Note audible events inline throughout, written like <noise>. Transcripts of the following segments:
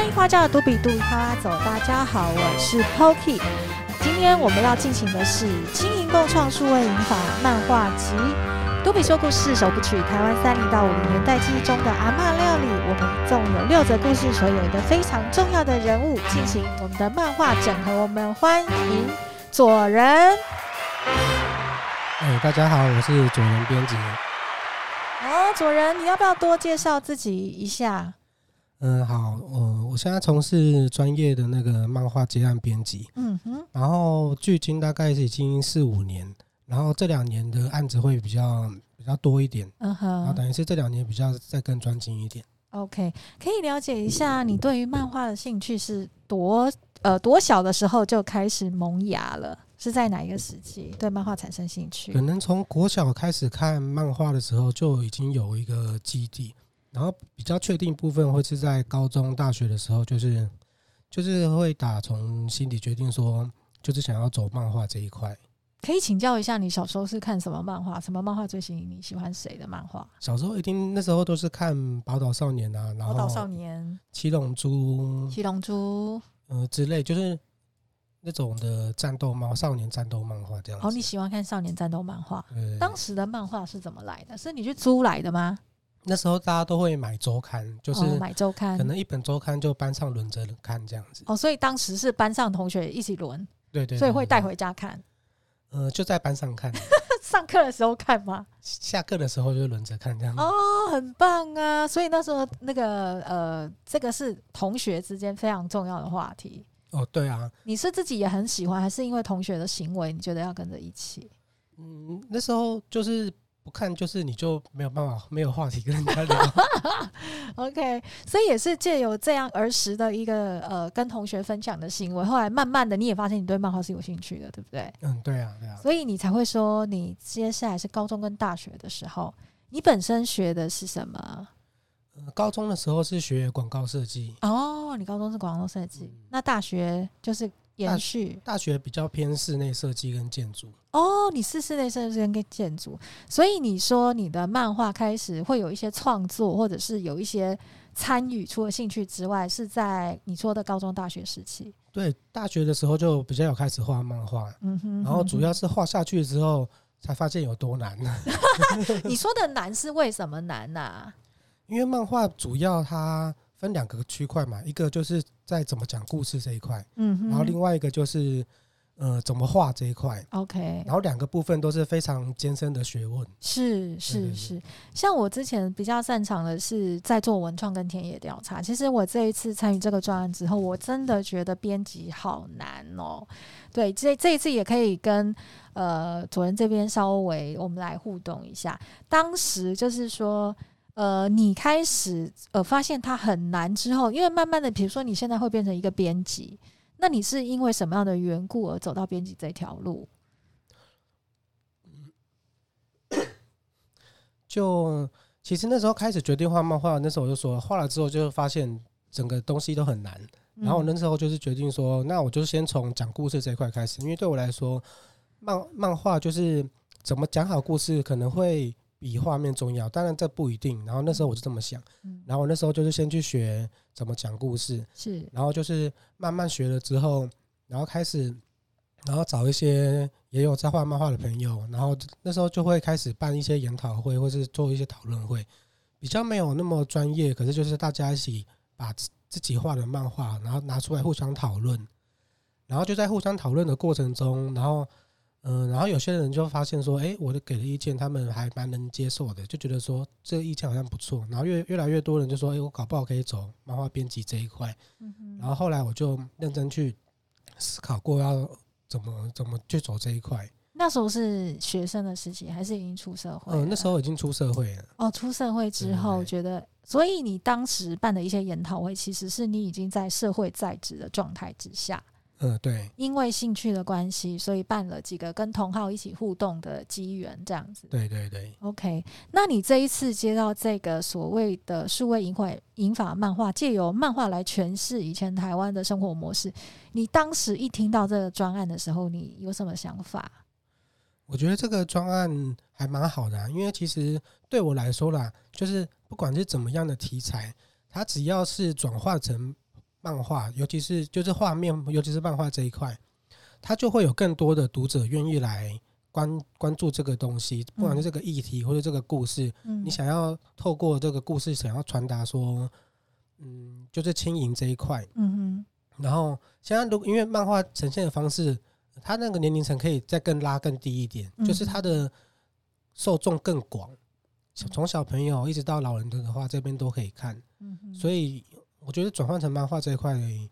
歡迎回家的度比趴趴走，大家好，我是 Poki。今天我們要進行的是《青銀共創數位銀髮》漫畫集《度比說故事》首部曲《台灣三零到五零年代記憶中的阿嬤料理》。我們一共有六則故事，所以有一個非常重要的人物進行我們的漫畫整合。我們歡迎佐人。哎，大家好，我是佐人編輯。佐人，你要不要多介紹自己一下？嗯、呃，好，我。現在從事專業的那個漫畫接案編輯，嗯哼，然後距今大概已經四五年，然後這兩年的案子會比較比較多一點，嗯哼，然後等於是這兩年比較再更專精一點。OK，可以了解一下你對於漫畫的興趣是多呃多小的時候就開始萌芽了？是在哪一個時期對漫畫產生興趣？可能從國小開始看漫畫的時候就已經有一個基地。然後比較確定部分會是在高中、大學的時候，就是就是會打從心底決定說，就是想要走漫畫這一塊。可以請教一下，你小時候是看什麼漫畫？什麼漫畫最吸引你？喜歡誰的漫畫？小時候一定那時候都是看《寶島少年》啊，然後《寶島少年》《七龍珠》呃《七龍珠》，嗯，之類，就是那種的戰鬥、貓少年戰鬥漫畫這樣。好，你喜歡看少年戰鬥漫畫？當時的漫畫是怎麼來的？是你去租來的嗎？那時候大家都會買週刊，就是買週刊，可能一本週刊就班上輪着看這樣子哦。哦，所以當時是班上同學一起輪，對，對對，所以會帶回家看。嗯，呃，就在班上看， <laughs> 上課的時候看嗎？下課的時候就輪着看這樣子。哦，很棒啊！所以那時候那個呃，這個是同學之間非常重要的話題。哦，對啊，你是自己也很喜歡，還是因為同學的行為，你覺得要跟着一起？嗯，那時候就是。我看，就是你就沒有辦法，沒有話題跟人家聊 <laughs> ，OK，所以也是借由這樣兒時的一個呃跟同學分享的行為，後來慢慢的你也發現你對漫畫是有興趣的，對不對？嗯，對啊，對啊。所以你才會說，你接下來是高中跟大學的時候，你本身學的是什麼？呃，高中的時候是學廣告設計哦，你高中是廣告設計。嗯，那大學就是。延續大學，大學比較偏室內設計跟建築哦。你是室、室內設計跟建築，所以你說你的漫畫開始會有一些創作，或者是有一些參與，除了興趣之外，是在你說的高中大學時期。對，大學的時候就比較有開始畫漫畫，嗯、哼哼哼，然後主要是畫下去之後才發現有多難、啊。 <laughs> <laughs> 你說的難是為什麼難呢、啊？因為漫畫主要它。分兩個區塊嘛，一個就是在怎麼講故事這一塊，嗯哼，然後另外一個就是，呃，怎麼畫這一塊，OK。然後兩個部分都是非常艱深的學問，是是，對對對，是。像我之前比較擅長的是在做文創跟田野調查，其實我這一次參與這個專案之後，我真的覺得編輯好難哦、喔。對，這這一次也可以跟呃佐人這邊稍微我們來互動一下。當時就是說。呃，你開始呃發現它很難之後，因為慢慢的，比如說你現在會變成一個編輯，那你是因為什麼樣的緣故而走到編輯這條路？就其實那時候開始決定畫漫畫，那時候我就說畫了之後就發現整個東西都很難，嗯。然後那時候就是決定說，那我就先從講故事這一塊開始，因為對我來說，漫漫畫就是怎麼講好故事可能會。比畫面重要，當然這不一定。然後那時候我就這麼想，嗯，然後我那時候就是先去學怎麼講故事，是，然後就是慢慢學了之後，然後開始，然後找一些也有在畫漫畫的朋友，然後那時候就會開始辦一些研討會，或是做一些討論會，比較沒有那麼專業，可是就是大家一起把自己畫的漫畫，然後拿出來互相討論，然後就在互相討論的過程中，然後。嗯，然後有些人就發現說，哎，我的給的意見他們還蠻能接受的，就覺得說這個意見好像不錯。然後越越來越多人就說，哎，我搞不好可以走漫畫編輯這一塊，嗯。然後後來我就認真去思考過要怎麼怎麼去走這一塊。那時候是學生的時期還是已經出社會？嗯，那時候已經出社會了。哦，出社會之後，嗯，我覺得，所以你當時辦的一些研討會，其實是你已經在社會在職的狀態之下。呃、嗯，對，因為興趣的關係，所以辦了幾個跟同好一起互動的機緣，這樣子。對對對，OK。那你這一次接到這個所謂的數位銀髮、銀髮漫畫，借由漫畫來詮釋以前台灣的生活模式，你當時一聽到這個專案的時候，你有什麼想法？我覺得這個專案還蠻好的、啊，因為其實對我來說啦，就是不管是怎麼樣的題材，它只要是轉化成。漫畫，尤其是就是畫面，尤其是漫畫這一塊，它就會有更多的讀者願意來關關注這個東西，不管是這個議題或者這個故事，嗯、你想要透過這個故事想要傳達說，嗯，就是青銀這一塊，嗯哼，然後現在，如果因為漫畫呈現的方式，它那個年齡層可以再更拉更低一點，就是它的受眾更廣，從、嗯、小朋友一直到老人的話，這邊都可以看，嗯哼，所以。我覺得轉換成漫畫這一塊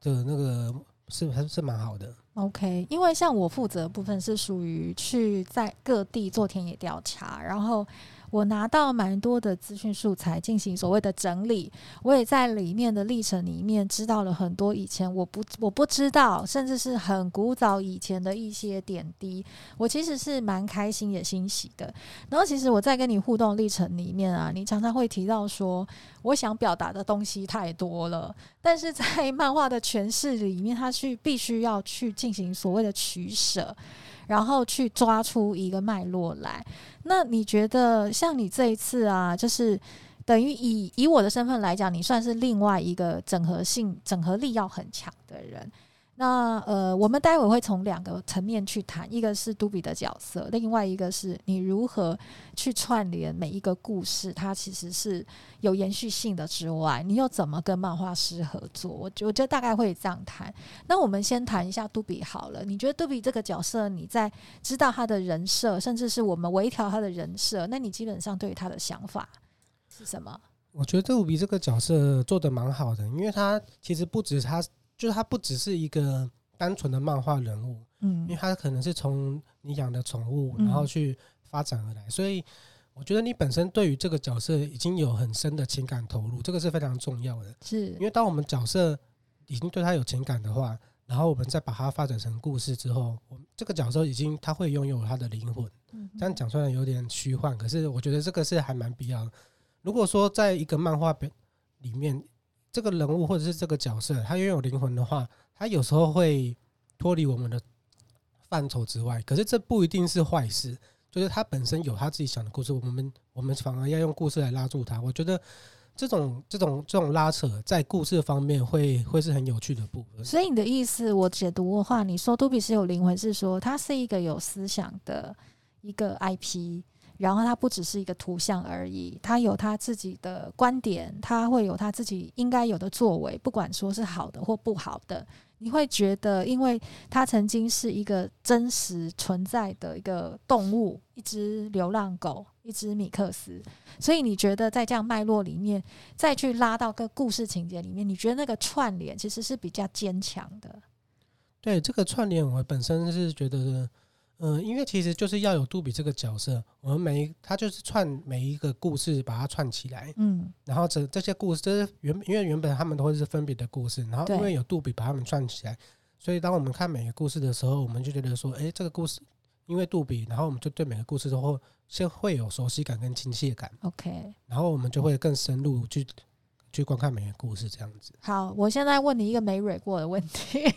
的那個是還是蠻好的。OK，因為像我負責的部分是屬於去在各地做田野調查，然後。我拿到蠻多的資訊素材進行所謂的整理，我也在裡面的歷程裡面知道了很多以前我不我不知道，甚至是很古早以前的一些點滴，我其實是蠻開心也欣喜的。然後，其實我在跟你互動歷程裡面啊，你常常會提到說，我想表達的東西太多了，但是在漫畫的詮釋裡面，它是必須要去進行所謂的取捨。然後去抓出一個脈絡來。那你覺得像你這一次啊，就是等於以以我的身份來講，你算是另外一個整合性、整合力要很強的人。那呃，我們待會會從兩個層面去談，一個是度比的角色，另外一個是你如何去串聯每一個故事，它其實是有延續性的之外，你又怎麼跟漫畫師合作？我覺我覺得大概會這樣談。那我們先談一下度比好了。你覺得度比這個角色，你在知道他的人設，甚至是我們微調他的人設，那你基本上對於他的想法是什麼？我覺得度比這個角色做得蠻好的，因為他其實不止他。就是它不只是一個單純的漫畫人物，嗯，因為它可能是從你養的寵物，然後去發展而來，所以我覺得你本身對於這個角色已經有很深的情感投入，這個是非常重要的。是，因為當我們角色已經對他有情感的話，然後我們再把它發展成故事之後，我們這個角色已經他會擁有他的靈魂。這樣講出來有點虛幻，可是我覺得這個是還蠻必要的。如果說在一個漫畫裡面，這個人物或者是這個角色，他擁有靈魂的話，他有時候會脫離我們的範疇之外。可是這不一定是壞事，就是他本身有他自己想的故事。我們我們反而要用故事來拉住他。我覺得這種這種這種拉扯在故事方面會會是很有趣的部分。所以你的意思，我解讀的話，你說度比是有靈魂，是說他是一個有思想的一個 IP。然後它不只是一個圖像而已，它有它自己的觀點，它會有它自己應該有的作為，不管說是好的或不好的，你會覺得，因為它曾經是一個真實存在的一個動物，一隻流浪狗，一隻米克斯，所以你覺得在這樣脈絡裡面再去拉到個故事情節裡面，你覺得那個串聯其實是比較堅強的。對，這個串聯，我本身是覺得。嗯、呃，因為其實就是要有度比這個角色，我們每一他就是串每一個故事把它串起來，嗯，然後這這些故事這是原因為原本他們都會是分別的故事，然後因為有度比把他們串起來，所以當我們看每個故事的時候，我們就覺得說，哎，這個故事因為度比，然後我們就對每個故事都會先會有熟悉感跟親切感，OK，然後我們就會更深入去、哦、去觀看每個故事這樣子。好，我現在問你一個沒蕊過的問題。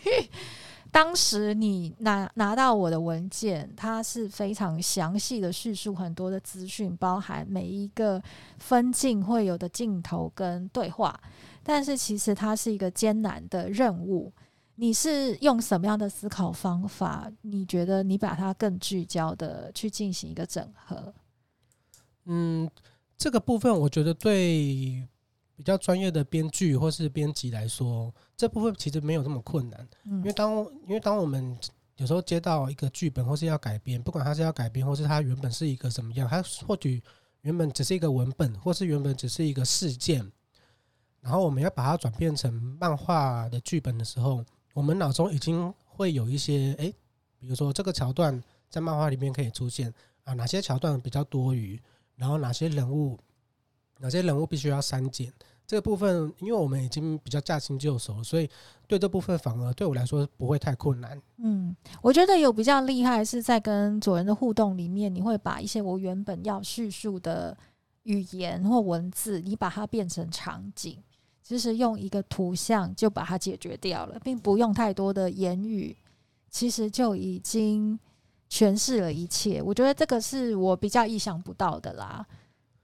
<laughs> 當時你拿拿到我的文件，它是非常詳細的敘述很多的資訊，包含每一個分鏡會有的鏡頭跟對話。但是其實它是一個艱難的任務，你是用什麼樣的思考方法？你覺得你把它更聚焦的去進行一個整合？嗯，這個部分我覺得對。比較專業的編劇或是編輯來說，這部分其實沒有那麼困難，嗯、因為當因為當我們有時候接到一個劇本或是要改編，不管它是要改編或是它原本是一個什麼樣，它或許原本只是一個文本，或是原本只是一個事件，然後我們要把它轉變成漫畫的劇本的時候，我們腦中已經會有一些哎、欸，比如說這個橋段在漫畫裡面可以出現啊，哪些橋段比較多餘，然後哪些人物，哪些人物必須要刪減？這個部分，因為我們已經比較駕輕就熟，所以對這部分反而對我來說不會太困難。嗯，我覺得有比較厲害是在跟佐人的互動裡面，你會把一些我原本要敘述的語言或文字，你把它變成場景，其實用一個圖像就把它解決掉了，並不用太多的言語，其實就已經詮釋了一切。我覺得這個是我比較意想不到的啦。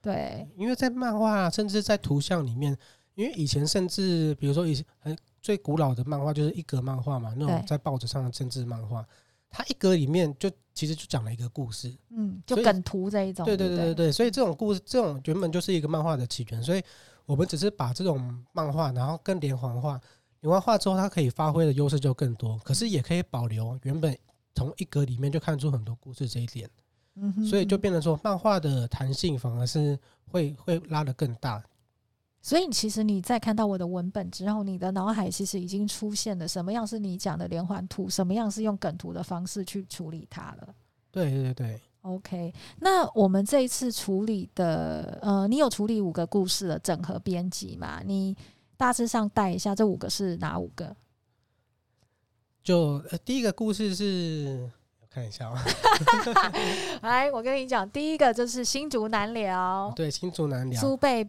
對，因為在漫畫啊，甚至在圖像裡面，因為以前甚至比如說以前很最古老的漫畫就是一格漫畫嘛，那種在報紙上的政治漫畫，它一格裡面就其實就講了一個故事，嗯，就梗圖這一種，對，對對對對對，所以這種故事這種原本就是一個漫畫的起源，所以我們只是把這種漫畫然後更連環化，連環化之後，它可以發揮的優勢就更多，可是也可以保留原本從一格裡面就看出很多故事這一點。 <noise> 所以就變成說，漫畫的彈性反而是會會拉得更大。所以其實你在看到我的文本之後，你的腦海其實已經出現了什麼樣是你講的連環圖，什麼樣是用梗圖的方式去處理它了。對對對對，OK。那我們這一次處理的，呃，你有處理五個故事的整合編輯嗎？你大致上帶一下，這五個是哪五個？就、呃、第一個故事是。看一下吧， <laughs> <laughs> 來，我跟你講，第一個就是新竹南寮，對，新竹南寮，蘇貝貝，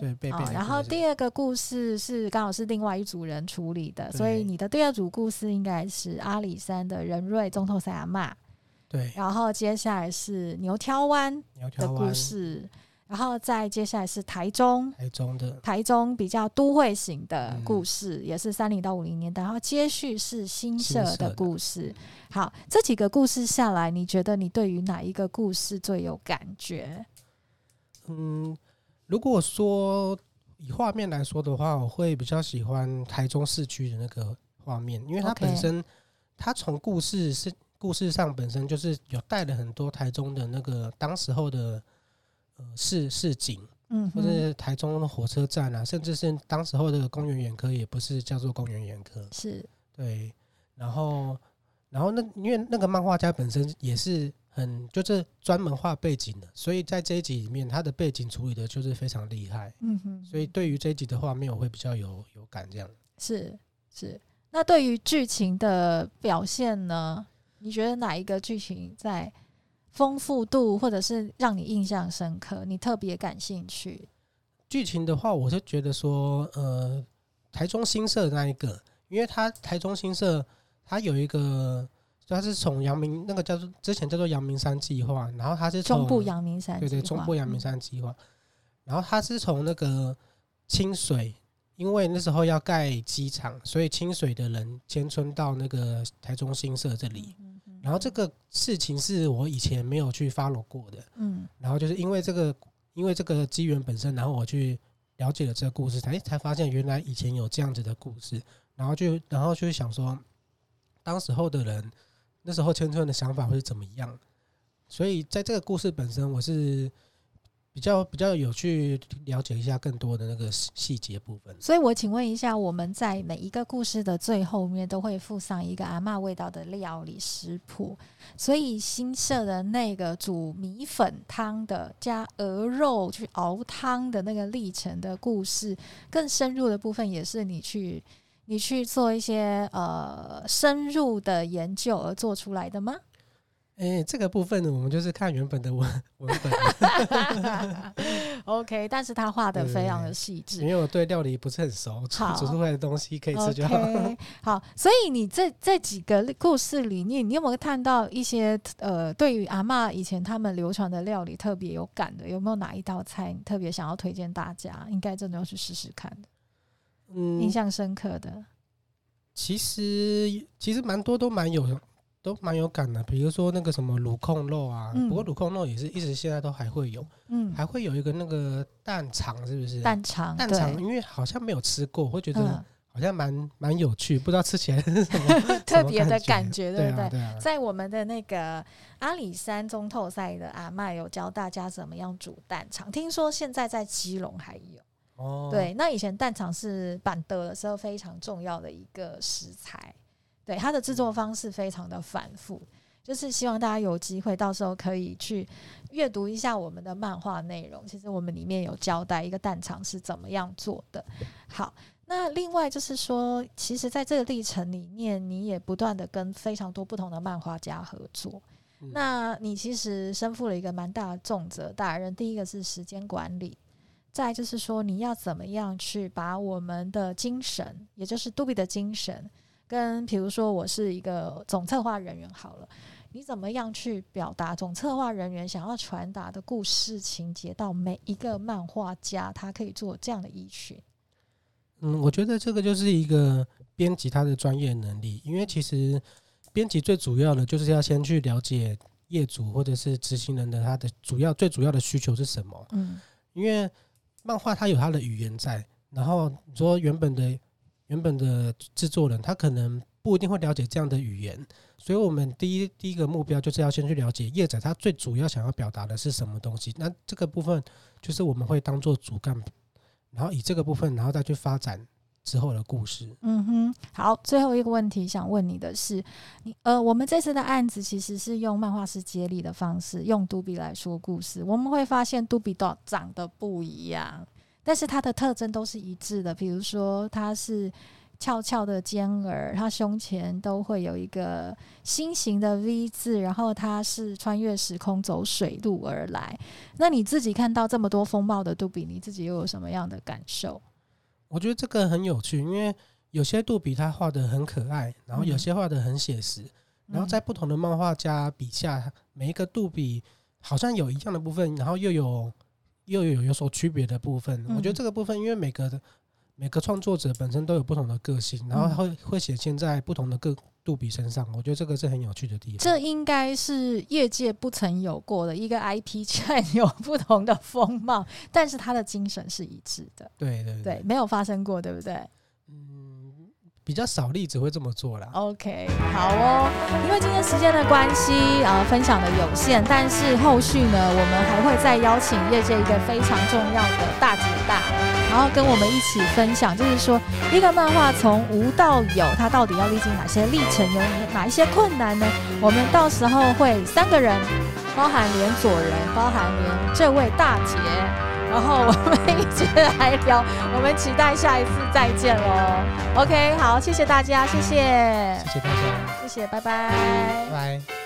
對貝貝、哦。然後第二個故事是剛好是另外一組人處理的，所以你的第二組故事應該是阿里山的人瑞中透、賽阿媽，對。然後接下來是牛挑灣的故事。然後再接下來是台中，台中的台中比較都會型的故事，嗯、也是三零到五零年代。然後接續是新社的故事的。好，這幾個故事下來，你覺得你對於哪一個故事最有感覺？嗯，如果說以畫面來說的話，我會比較喜歡台中市區的那個畫面，因為它本身、okay. 它從故事是故事上本身就是有帶了很多台中的那個當時候的。市，嗯、市井，嗯，或者台中的火車站啊，嗯，甚至是當時候的宮原眼科也不是叫做宮原眼科，是對。然後，然後那因為那個漫畫家本身也是很就是專門畫背景的，所以在這一集裡面，他的背景處理的就是非常厲害，嗯哼。所以對於這一集的畫面，我會比較有有感這樣。是是，那對於劇情的表現呢？你覺得哪一個劇情在？豐富度，或者是讓你印象深刻，你特別感興趣。劇情的話，我是覺得說，呃，台中新社的那一個，因為他台中新社，它有一個，它是從陽明那個叫做之前叫做陽明山計劃，然後它是中部陽明山，對，對對，中部陽明山計劃，嗯，然後它是從那個清水。因為那時候要蓋機場，所以清水的人遷村到那個台中新社這裡，嗯嗯嗯。然後這個事情是我以前沒有去 follow 過的。嗯，然後就是因為這個，因為這個機緣本身，然後我去了解了這個故事，才才發現原來以前有這樣子的故事。然後就，然後就想說，當時候的人，那時候遷村的想法會是怎麼樣？所以在這個故事本身，我是。比較比較有去了解一下更多的那個細節部分。所以我請問一下，我們在每一個故事的最後面都會附上一個阿嬤味道的料理食譜，所以新社的那個煮米粉湯的加鵝肉去熬湯的那個歷程的故事，更深入的部分也是你去你去做一些呃深入的研究而做出來的嗎？哎、欸，這個部分呢，我們就是看原本的文文本。 <laughs> <laughs> <laughs> OK，但是他畫的非常的細緻。因為我對料理不是很熟，煮出來的東西可以吃就好。Okay, 好，所以你這這幾個故事裡面，你有沒有看到一些呃，對於阿嬤以前他們流傳的料理特別有感的？有沒有哪一道菜你特別想要推薦大家？應該真的要去試試看。嗯，印象深刻的。其實其實蠻多都蠻有。都蠻有感的，比如說那個什麼滷控肉啊，嗯、不過滷控肉也是一直現在都還會有，嗯、還會有一個那個蛋腸，是不是？蛋腸，蛋腸，因為好像沒有吃過，會覺得好像蠻、嗯、蠻有趣，不知道吃起來是什麼, <laughs> 什麼特別的感覺，對不對,對,、啊對啊？在我們的那個阿里山中透賽的阿嬤有教大家怎麼樣煮蛋腸，聽說現在在基隆還有哦。對，那以前蛋腸是辦桌的時候非常重要的一個食材。對，它的製作方式非常的繁複，就是希望大家有機會到時候可以去閱讀一下我們的漫畫內容。其實我們裡面有交代一個蛋腸是怎麼樣做的。好，那另外就是說，其實在這個歷程裡面，你也不斷的跟非常多不同的漫畫家合作。嗯、那你其實身負了一個蠻大的重責大任，第一個是時間管理，再就是說你要怎麼樣去把我們的精神，也就是度比的精神。跟比如說，我是一個總策劃人員好了，你怎麼樣去表達總策劃人員想要傳達的故事情節到每一個漫畫家，他可以做這樣的依循？嗯，我覺得這個就是一個編輯他的專業能力，因為其實編輯最主要的就是要先去了解業主或者是執行人的他的主要最主要的需求是什麼。嗯，因為漫畫它有它的語言在，然後你說原本的。原本的製作人，他可能不一定會了解這樣的語言，所以，我們第一，第一個目標，就是要先去了解葉仔他最主要想要表達的是什麼東西。那這個部分就是我們會當做主幹，然後以這個部分，然後再去發展之後的故事。嗯哼，好，最後一個問題想問你的是，你呃，我們這次的案子其實是用漫畫師接力的方式，用度比來說故事。我們會發現度比都長得不一樣。但是它的特徵都是一致的，比如說它是翹翹的尖耳，它胸前都會有一個心形的 V 字，然後它是穿越時空走水路而來。那你自己看到這麼多風貌的杜比，你自己又有什麼樣的感受？我覺得這個很有趣，因為有些杜比他畫得很可愛，然後有些畫得很寫實，嗯、然後在不同的漫畫家筆下，每一個杜比好像有一樣的部分，然後又有。又有,有有所區別的部分，我覺得這個部分，因為每個的每個創作者本身都有不同的個性，然後會會顯現在不同的個杜比身上。我覺得這個是很有趣的地方、嗯。這應該是業界不曾有過的一個 IP，卻有不同的風貌，但是他的,的,、嗯、的,的,的精神是一致的。對對對,對，沒有發生過，對不對？嗯。比較少例子會這麼做了。OK，好哦。因為今天時間的關係啊，呃，分享的有限，但是後續呢，我們還會再邀請業界一個非常重要的大姐大，然後跟我們一起分享，就是說一個漫畫從無到有，它到底要歷經哪些歷程，有哪一些困難呢？我們到時候會三個人，包含連佐人，包含連這位大姐。然後我們一直來聊，我們期待下一次再見嘍。OK，好，謝謝大家，謝謝，謝謝大家，謝謝，拜拜，拜拜。